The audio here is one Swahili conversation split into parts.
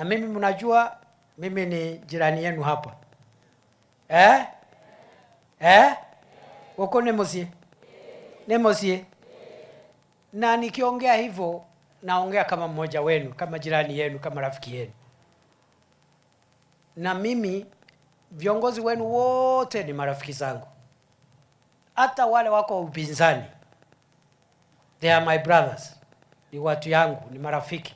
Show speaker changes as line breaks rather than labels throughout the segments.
na mimi mnajua mimi ni jirani yenu hapa eh? Eh? wako nemosie nemosie, na nikiongea hivyo naongea kama mmoja wenu, kama jirani yenu, kama rafiki yenu. Na mimi viongozi wenu wote ni marafiki zangu, hata wale wako upinzani, they are my brothers, ni watu yangu, ni marafiki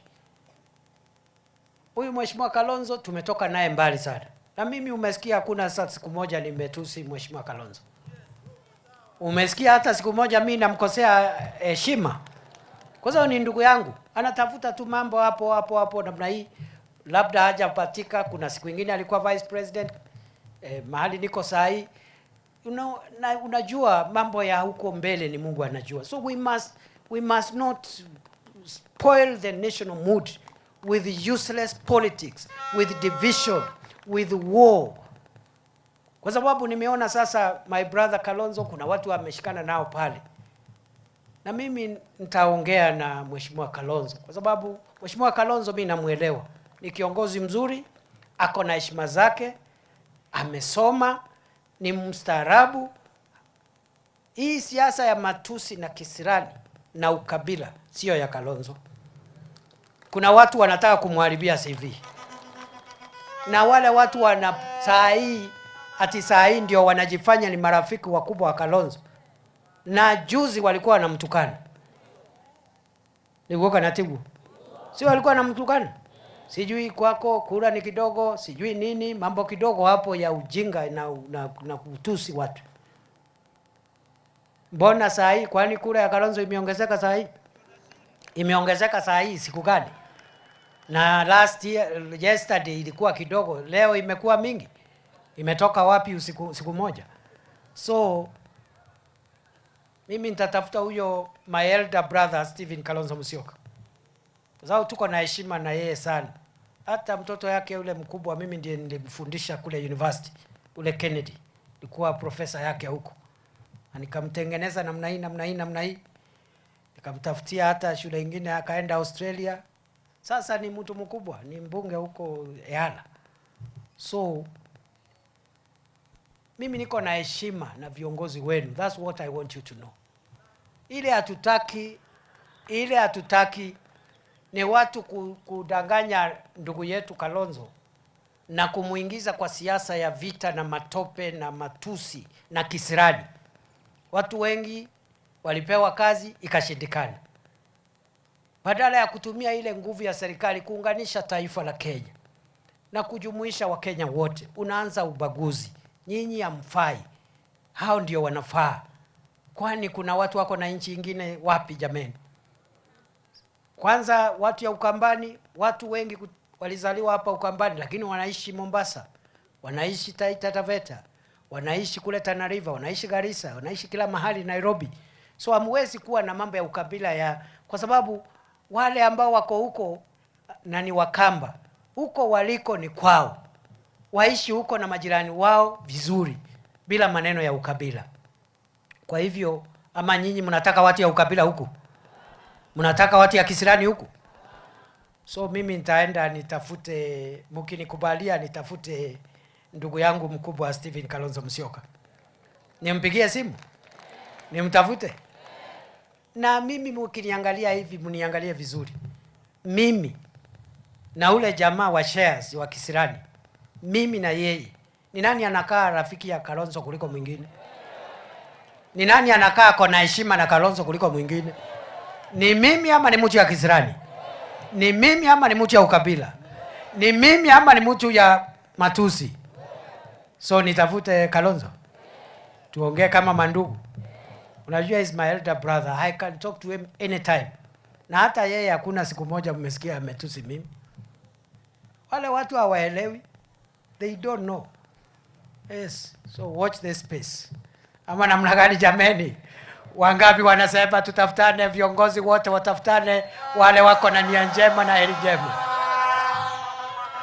Huyu Mheshimiwa Kalonzo tumetoka naye mbali sana, na mimi umesikia hakuna hata siku moja nimetusi Mheshimiwa Kalonzo. Umesikia hata siku moja mimi namkosea heshima eh? Kwa sababu ni ndugu yangu, anatafuta tu mambo hapo hapo hapo namna hii, labda hajapatika. Kuna siku ingine alikuwa vice president eh, mahali niko saa hii know, na, unajua mambo ya huko mbele ni Mungu anajua, so we must, we must not spoil the national mood with useless politics, with division, with war. Kwa sababu nimeona sasa, my brother Kalonzo, kuna watu wameshikana nao pale, na mimi nitaongea na mheshimiwa Kalonzo kwa sababu mheshimiwa Kalonzo mimi namwelewa, ni kiongozi mzuri, ako na heshima zake, amesoma, ni mstaarabu. Hii siasa ya matusi na kisirani na ukabila siyo ya Kalonzo kuna watu wanataka kumharibia CV na wale watu wana saa hii ati saa hii ndio wanajifanya ni marafiki wakubwa wa Kalonzo, na juzi walikuwa wanamtukana na Tibu. si walikuwa wanamtukana, sijui kwako kura ni kidogo, sijui nini, mambo kidogo hapo ya ujinga na, na, na kutusi watu. Mbona saa hii, kwani kura ya Kalonzo imeongezeka saa hii? Imeongezeka saa hii siku gani? na last year, yesterday ilikuwa kidogo, leo imekuwa mingi. Imetoka wapi usiku, siku moja? So mimi nitatafuta huyo my elder brother Stephen Kalonzo Musyoka, kwa sababu tuko na heshima na yeye sana. Hata mtoto yake yule mkubwa mimi ndiye nilimfundisha kule university, ule Kennedy ilikuwa profesa yake huko, na nikamtengeneza namna hii namna hii namna hii, nikamtafutia hata shule nyingine, akaenda Australia sasa ni mtu mkubwa, ni mbunge huko Eala. So mimi niko na heshima na viongozi wenu, that's what I want you to know. Ile hatutaki ile hatutaki ni watu kudanganya ndugu yetu Kalonzo na kumuingiza kwa siasa ya vita na matope na matusi na kisirani. Watu wengi walipewa kazi ikashindikana badala ya kutumia ile nguvu ya serikali kuunganisha taifa la Kenya na kujumuisha Wakenya wote, unaanza ubaguzi. Nyinyi hamfai, hao ndio wanafaa. Kwani kuna watu wako na nchi ingine wapi jameni? Kwanza watu ya Ukambani, watu wengi walizaliwa hapa Ukambani, lakini wanaishi Mombasa, wanaishi Taita Taveta, wanaishi kule Tana River, wanaishi Garissa, wanaishi kila mahali Nairobi. So hamwezi kuwa na mambo ya ukabila ya kwa sababu wale ambao wako huko eh, na ni Wakamba, huko waliko ni kwao, waishi huko na majirani wao vizuri, bila maneno ya ukabila. Kwa hivyo, ama nyinyi mnataka watu ya ukabila huku? Mnataka watu ya kisirani huku? So mimi nitaenda nitafute, mkinikubalia, nitafute ndugu yangu mkubwa Stephen Kalonzo Musyoka, nimpigie simu nimtafute na mimi mkiniangalia hivi, mniangalie vizuri, mimi na ule jamaa wa shares wa Kisirani, mimi na yeye, ni nani anakaa rafiki ya Kalonzo kuliko mwingine? Ni nani anakaa kona heshima na Kalonzo kuliko mwingine? Ni mimi ama ni mtu ya Kisirani? Ni mimi ama ni mtu ya ukabila? Ni mimi ama ni mtu ya matusi? So nitafute Kalonzo tuongee kama mandugu. Unajua is my elder brother. I can talk to him anytime. Na hata yeye hakuna siku moja mmesikia ametusi mimi. Wale watu hawaelewi. They don't know. Yes. So watch this space. Ama namna gani jameni? Wangapi wanasema tutafutane viongozi wote watafutane wale wako na nia njema na heri njema.